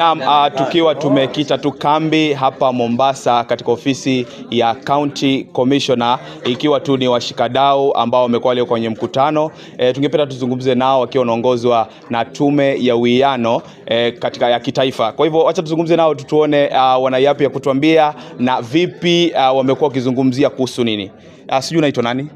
Naam, ah, tukiwa tumekita tu kambi hapa Mombasa katika ofisi ya County Commissioner, ikiwa tu ni washikadau ambao wamekuwa leo kwenye mkutano e, tungependa tuzungumze nao wakiwa wanaongozwa na tume ya uwiano e, katika ya kitaifa. Kwa hivyo acha tuzungumze nao tutuone, uh, ah, wana yapi ya kutuambia na vipi uh, wamekuwa wakizungumzia kuhusu nini. Uh, sijui unaitwa nani?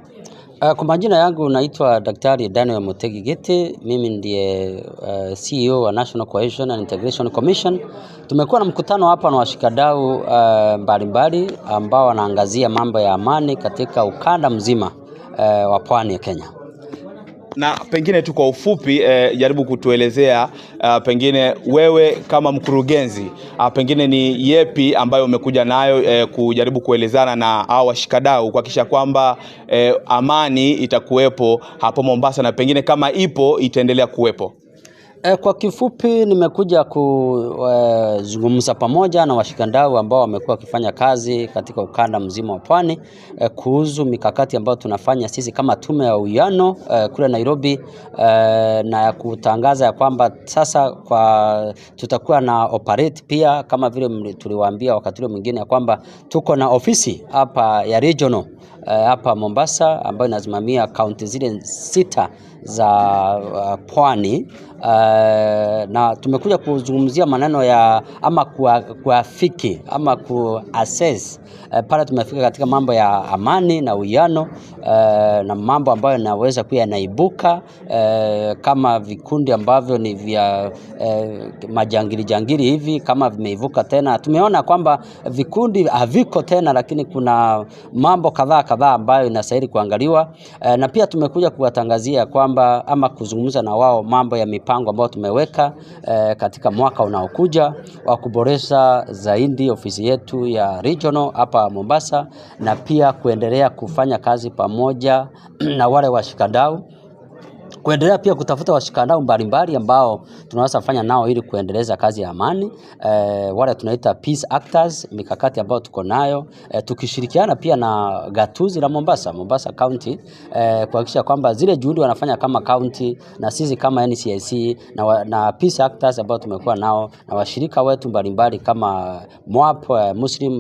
Uh, kwa majina yangu naitwa Daktari Daniel Mutegi Gete. mimi ndiye uh, CEO wa National Cohesion and Integration Commission. Tumekuwa na mkutano hapa na washikadau uh, mbalimbali ambao wanaangazia mambo ya amani katika ukanda mzima uh, wa pwani ya Kenya na pengine tu kwa ufupi eh, jaribu kutuelezea uh, pengine wewe kama mkurugenzi uh, pengine ni yepi ambayo umekuja nayo eh, kujaribu kuelezana na hao washikadau kuhakikisha kwamba eh, amani itakuwepo hapo Mombasa na pengine kama ipo itaendelea kuwepo. Eh, kwa kifupi nimekuja kuzungumza eh, pamoja na washikadau ambao wamekuwa wakifanya kazi katika ukanda mzima wa pwani eh, kuhusu mikakati ambayo tunafanya sisi kama tume ya uwiano kule Nairobi na ya kutangaza ya kwamba sasa kwa tutakuwa na operate pia kama vile tuliwaambia wakati ule mwingine ya kwamba tuko na ofisi hapa ya regional hapa Mombasa ambayo inasimamia kaunti zile sita za uh, pwani uh, na tumekuja kuzungumzia maneno ya ama kuafiki ama kuassess uh, pale tumefika katika mambo ya amani na uwiano uh, na mambo ambayo yanaweza kuwa yanaibuka uh, kama vikundi ambavyo ni vya uh, majangili jangili hivi kama vimeivuka tena. Tumeona kwamba vikundi haviko tena, lakini kuna mambo kadhaa kadhaa ambayo inastahili kuangaliwa uh, na pia tumekuja kuwatangazia kwamba kwamba ama kuzungumza na wao mambo ya mipango ambayo tumeweka e, katika mwaka unaokuja wa kuboresha zaidi ofisi yetu ya regional hapa Mombasa na pia kuendelea kufanya kazi pamoja na wale washikadau kuendelea pia kutafuta washikanao mbalimbali ambao tunaweza fanya nao ili kuendeleza kazi ya amani e, wale tunaita peace actors, mikakati ambayo tuko nayo e, tukishirikiana pia na gatuzi la Mombasa, Mombasa County e, kuhakikisha kwamba zile juhudi wanafanya kama county na sisi kama NCIC na, na peace actors ambao tumekuwa nao na washirika wetu mbalimbali kama MWAP, Muslim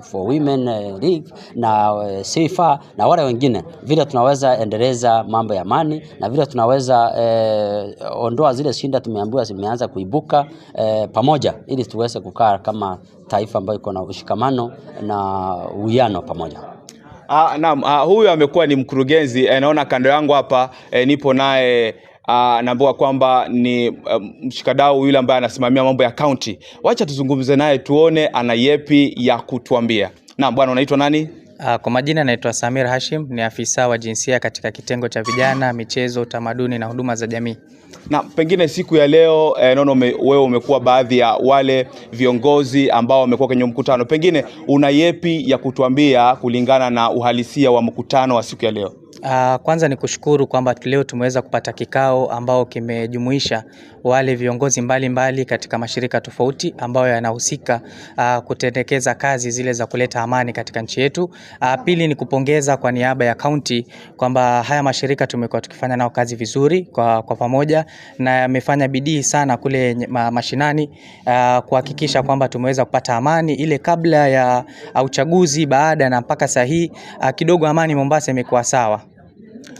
for Women League na Sifa na wale wengine, vile tunaweza endeleza mambo ya amani na vile tuna tunaweza eh, ondoa zile shinda tumeambiwa zimeanza kuibuka eh, pamoja, ili tuweze kukaa kama taifa ambayo iko na ushikamano na uwiano pamoja. Ah, naam, ah, huyu amekuwa ni mkurugenzi eh, naona kando yangu hapa eh, nipo naye eh, naambiwa kwamba ni um, mshikadau yule ambaye anasimamia mambo ya kaunti. Wacha tuzungumze naye tuone ana yepi ya kutuambia. Naam, bwana unaitwa nani? Ah, kwa majina naitwa Samir Hashim, ni afisa wa jinsia katika kitengo cha vijana, michezo, utamaduni na huduma za jamii. Na pengine siku ya leo eh, nono me, wewe umekuwa baadhi ya wale viongozi ambao wamekuwa kwenye mkutano, pengine una yepi ya kutuambia kulingana na uhalisia wa mkutano wa siku ya leo? Uh, kwanza ni kushukuru kwamba leo tumeweza kupata kikao ambao kimejumuisha wale viongozi mbalimbali mbali katika mashirika tofauti ambayo yanahusika uh, kutendekeza kazi zile za kuleta amani katika nchi yetu. Uh, pili ni kupongeza kwa niaba ya kaunti kwamba haya mashirika tumekuwa tukifanya nao kazi vizuri kwa, kwa pamoja na yamefanya bidii sana kule mashinani uh, kuhakikisha kwamba tumeweza kupata amani ile kabla ya uchaguzi, baada na mpaka saa uh, kidogo amani Mombasa imekuwa sawa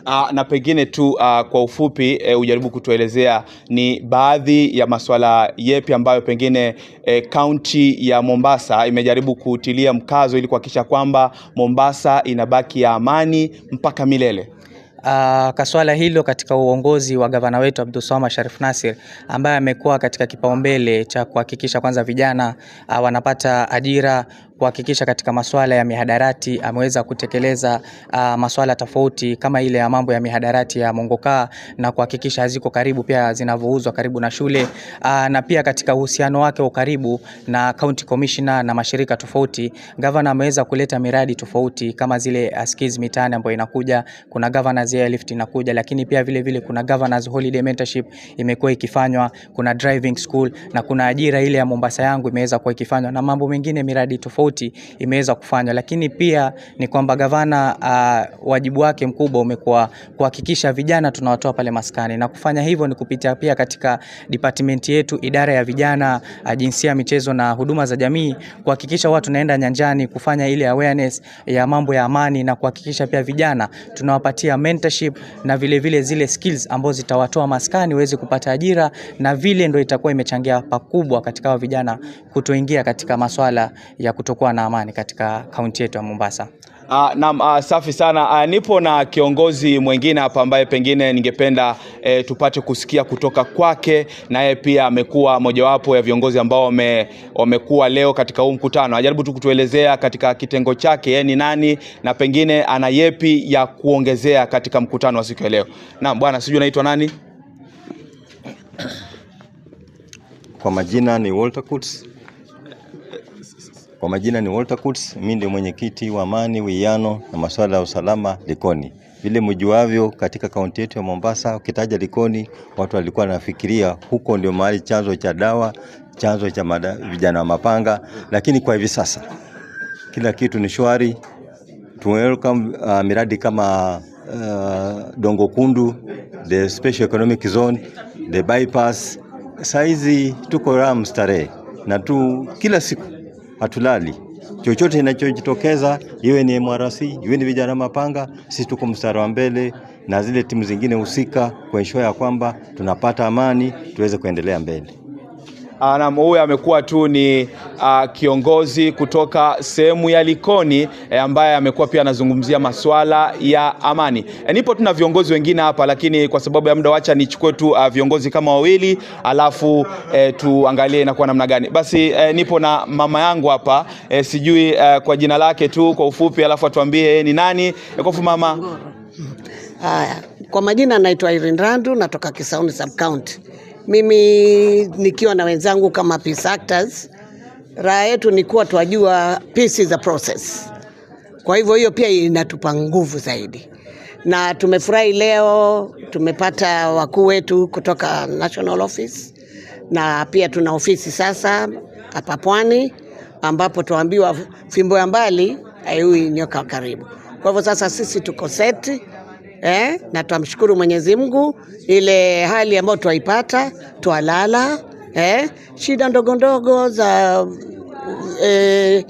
uh, na pengine tu uh, kwa ufupi uh, ujaribu kutuelezea ni baadhi ya masuala yepi ambayo pengine eh, kaunti uh, ya Mombasa imejaribu kutilia mkazo ili kuhakikisha kwamba Mombasa inabaki ya amani mpaka milele. Uh, kaswala hilo katika uongozi wa gavana wetu Abdulswamad Sharif Nassir ambaye amekuwa katika kipaumbele cha kuhakikisha kwanza vijana uh, wanapata ajira, kuhakikisha katika masuala ya mihadarati ameweza kutekeleza uh, ah, masuala tofauti kama ile ya mambo ya mihadarati ya Mongoka na kuhakikisha haziko karibu pia zinavyouzwa karibu na shule uh, na pia katika uhusiano wake wa karibu na county commissioner na mashirika tofauti, governor ameweza kuleta miradi tofauti kama zile askiz mitaani ambayo inakuja, kuna governors year lift inakuja, lakini pia vile vile kuna governors holiday mentorship imekuwa ikifanywa, kuna driving school na kuna ajira ile ya Mombasa yangu imeweza kuwa ikifanywa na mambo mengine miradi tofauti tofauti imeweza kufanywa, lakini pia ni kwamba gavana uh, wajibu wake mkubwa umekuwa kuhakikisha vijana tunawatoa pale maskani, na kufanya hivyo ni kupitia pia katika department yetu, idara ya vijana, uh, jinsia, michezo na huduma za jamii, kuhakikisha watu naenda nyanjani kufanya ile awareness ya mambo ya amani, na kuhakikisha pia vijana tunawapatia mentorship na vile vile zile skills ambazo zitawatoa maskani waweze kupata ajira, na vile ndio itakuwa imechangia pakubwa katika wa vijana kutoingia katika masuala ya kuto kutokuwa na amani katika kaunti yetu ya Mombasa. Uh, naam, uh, safi sana. Uh, nipo na kiongozi mwingine hapa ambaye pengine ningependa eh, tupate kusikia kutoka kwake. Naye pia amekuwa mojawapo ya viongozi ambao wamekuwa leo katika huu mkutano. Ajaribu tu kutuelezea katika kitengo chake yeye ni nani na pengine ana yepi ya kuongezea katika mkutano wa siku ya leo. Naam, bwana, sijui naitwa nani? Kwa majina ni Walter Kutz. Kwa majina ni Walter Kutz, mimi mwenyekiti wa amani, uwiano na masuala ya usalama Likoni. Vile mjuavyo, katika kaunti yetu ya Mombasa, ukitaja Likoni watu walikuwa wanafikiria huko ndio mahali chanzo cha dawa, chanzo cha mada, vijana wa mapanga, lakini kwa hivi sasa kila kitu ni shwari. Tumeweka uh, miradi kama uh, Dongo Kundu, the special economic zone, the bypass. Saizi tuko ram starehe na tu kila siku hatulali. Chochote inachojitokeza iwe ni MRC, iwe ni vijana mapanga, sisi tuko mstari wa mbele na zile timu zingine husika kuensure ya kwamba tunapata amani tuweze kuendelea mbele. Ah, na huyu amekuwa tu ni uh, kiongozi kutoka sehemu ya Likoni e, ambaye amekuwa pia anazungumzia masuala ya amani. E, nipo tuna viongozi wengine hapa, lakini kwa sababu ya muda wacha nichukue tu uh, viongozi kama wawili alafu e, tuangalie inakuwa namna gani. Basi e, nipo na mama yangu hapa e, sijui uh, kwa jina lake tu kwa ufupi, alafu atuambie ni nani kofu mama. Haya, kwa majina naitwa Irene Randu natoka Kisauni sub county. Mimi nikiwa na wenzangu kama peace actors, raha yetu ni kuwa twajua peace is a process. Kwa hivyo hiyo pia inatupa nguvu zaidi, na tumefurahi leo tumepata wakuu wetu kutoka National Office na pia tuna ofisi sasa hapa Pwani ambapo tuambiwa fimbo ya mbali haiui nyoka karibu. Kwa hivyo sasa sisi tuko seti eh, na twamshukuru Mwenyezi Mungu ile hali ambayo twaipata, twalala eh, shida ndogo ndogo za eh,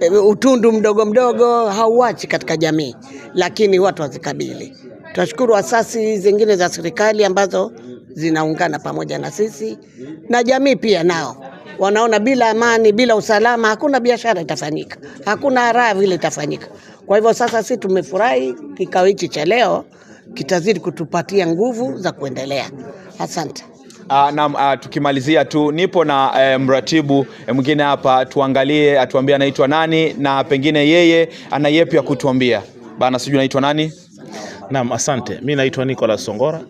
eh, utundu mdogo mdogo hauachi katika jamii, lakini watu wazikabili. Twashukuru asasi zingine za serikali ambazo zinaungana pamoja na sisi na jamii pia nao wanaona bila amani, bila usalama, hakuna biashara itafanyika, hakuna raha vile itafanyika. Kwa hivyo sasa, si tumefurahi kikao hichi cha leo, kitazidi kutupatia nguvu za kuendelea. Asante. Uh, ah, na uh, ah, tukimalizia tu nipo na uh, mratibu eh, mwingine hapa, tuangalie atuambie anaitwa nani na pengine yeye ana yepi ya kutuambia bana, sijui anaitwa nani. Naam, asante. Mimi naitwa Nicholas Songora,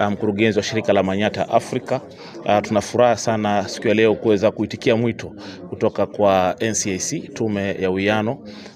uh, mkurugenzi um, wa shirika la Manyata Africa. Uh, tuna furaha sana siku ya leo kuweza kuitikia mwito kutoka kwa NCIC, tume ya uwiano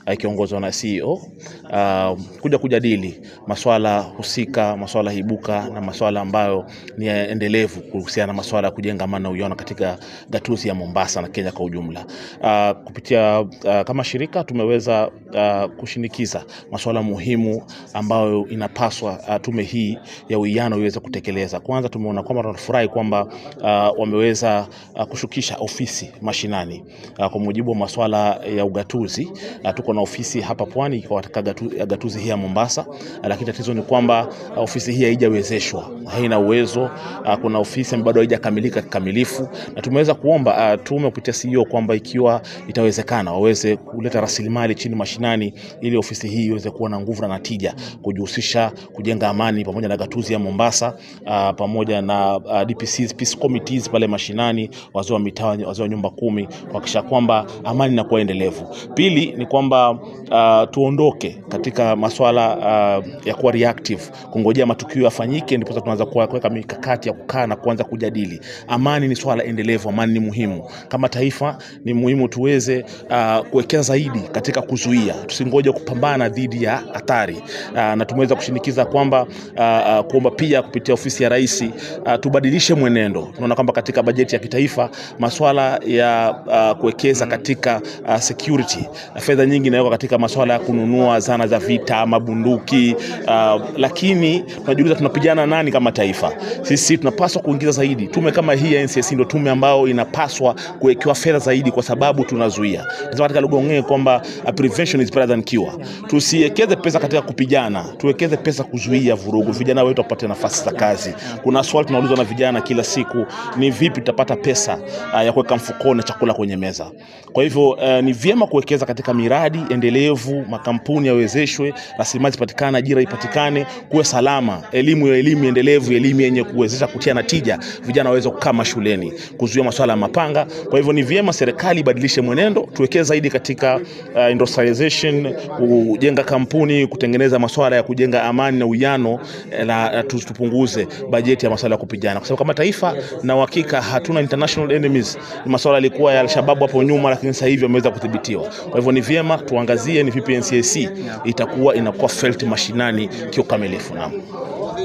uh, ikiongozwa na CEO uh, kuja kujadili masuala husika, masuala ibuka na masuala ambayo ni endelevu kuhusiana na masuala ya kujenga amani na uwiano katika gatuzi ya Mombasa na Kenya kwa ujumla. Uh, kupitia uh, kama shirika tumeweza uh, kushinikiza masuala muhimu ambayo ina inapaswa uh, tume hii ya uwiano iweze kutekeleza. Kwanza tumeona kwamba tunafurahi kwamba uh, wameweza uh, kushukisha ofisi mashinani uh, kwa mujibu wa masuala ya ugatuzi uh, tuko na ofisi hapa pwani kwa gatu, gatuzi hii ya Mombasa uh, lakini tatizo ni kwamba uh, ofisi hii haijawezeshwa, haina uwezo uh, kuna ofisi bado haijakamilika kikamilifu, na tumeweza kuomba uh, tume kupitia CEO kwamba ikiwa itawezekana waweze kuleta rasilimali chini mashinani ili ofisi hii iweze kuwa na nguvu na natija kujihusisha Afrika kujenga amani pamoja na gatuzi ya Mombasa uh, pamoja na uh, ah, DPCs, peace committees pale mashinani, wazee wa mitaa, wazee wa nyumba kumi kuhakikisha kwamba amani inakuwa endelevu. Pili ni kwamba uh, tuondoke katika masuala uh, ya kuwa reactive, kungojea matukio yafanyike ndipo tunaanza kuweka mikakati ya kukaa na kuanza kujadili. Amani ni swala endelevu, amani ni muhimu. Kama taifa ni muhimu tuweze uh, kuwekea zaidi katika kuzuia, tusingoje kupambana dhidi ya hatari uh, na tumeweza wanashinikiza kwamba uh, ah, ah, kuomba pia kupitia ofisi ya rais uh, tubadilishe mwenendo. Tunaona kwamba katika bajeti ya kitaifa masuala ya uh, kuwekeza katika uh, security na fedha nyingi inawekwa katika masuala ya kununua zana za vita, mabunduki uh, lakini tunajiuliza tunapigana nani kama taifa? Sisi tunapaswa kuingiza zaidi. Tume kama hii ya NCIC ndio tume ambayo inapaswa kuwekewa fedha zaidi, kwa sababu tunazuia, nasema katika lugha ongee kwamba prevention is better than cure. Tusiwekeze pesa katika kupigana, tuwekeze pesa kuzuia vurugu, vijana wetu wapate nafasi za kazi. Kuna swali tunaulizwa na vijana kila siku, ni vipi tutapata pesa uh, ya kuweka mfukoni na chakula kwenye meza? Kwa hivyo uh, ni vyema kuwekeza katika miradi endelevu, makampuni yawezeshwe, rasilimali zipatikane, ajira ipatikane, kuwe salama, elimu ya elimu endelevu, elimu yenye kuwezesha kutia na tija, vijana waweze kukaa mashuleni, kuzuia masuala ya mapanga. Kwa hivyo ni vyema serikali ibadilishe mwenendo, tuwekeze zaidi katika uh, industrialization, kujenga kampuni, kutengeneza masuala ya kujenga amani na uwiano eh, na tupunguze bajeti ya masuala ya kupigana, kwa sababu kama taifa na uhakika hatuna international enemies. Masuala yalikuwa ya Alshababu hapo nyuma, lakini sasa hivi wameweza kudhibitiwa. Kwa hivyo ni vyema tuangazie ni vipi NCAC itakuwa inakuwa felt mashinani kiukamilifu. Naam.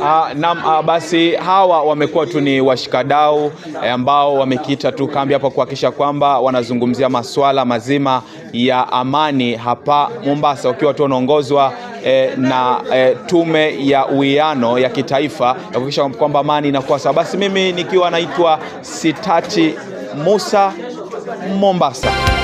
Ah, naam. Ah, basi hawa wamekuwa tu ni washikadau eh, ambao wamekita tu kambi hapa kuhakikisha kwamba wanazungumzia masuala mazima ya amani hapa Mombasa, wakiwa tu wanaongozwa e, na e, tume ya uwiano ya kitaifa ya kuhakikisha kwamba amani inakuwa sawa. Basi mimi nikiwa naitwa Sitati Musa Mombasa.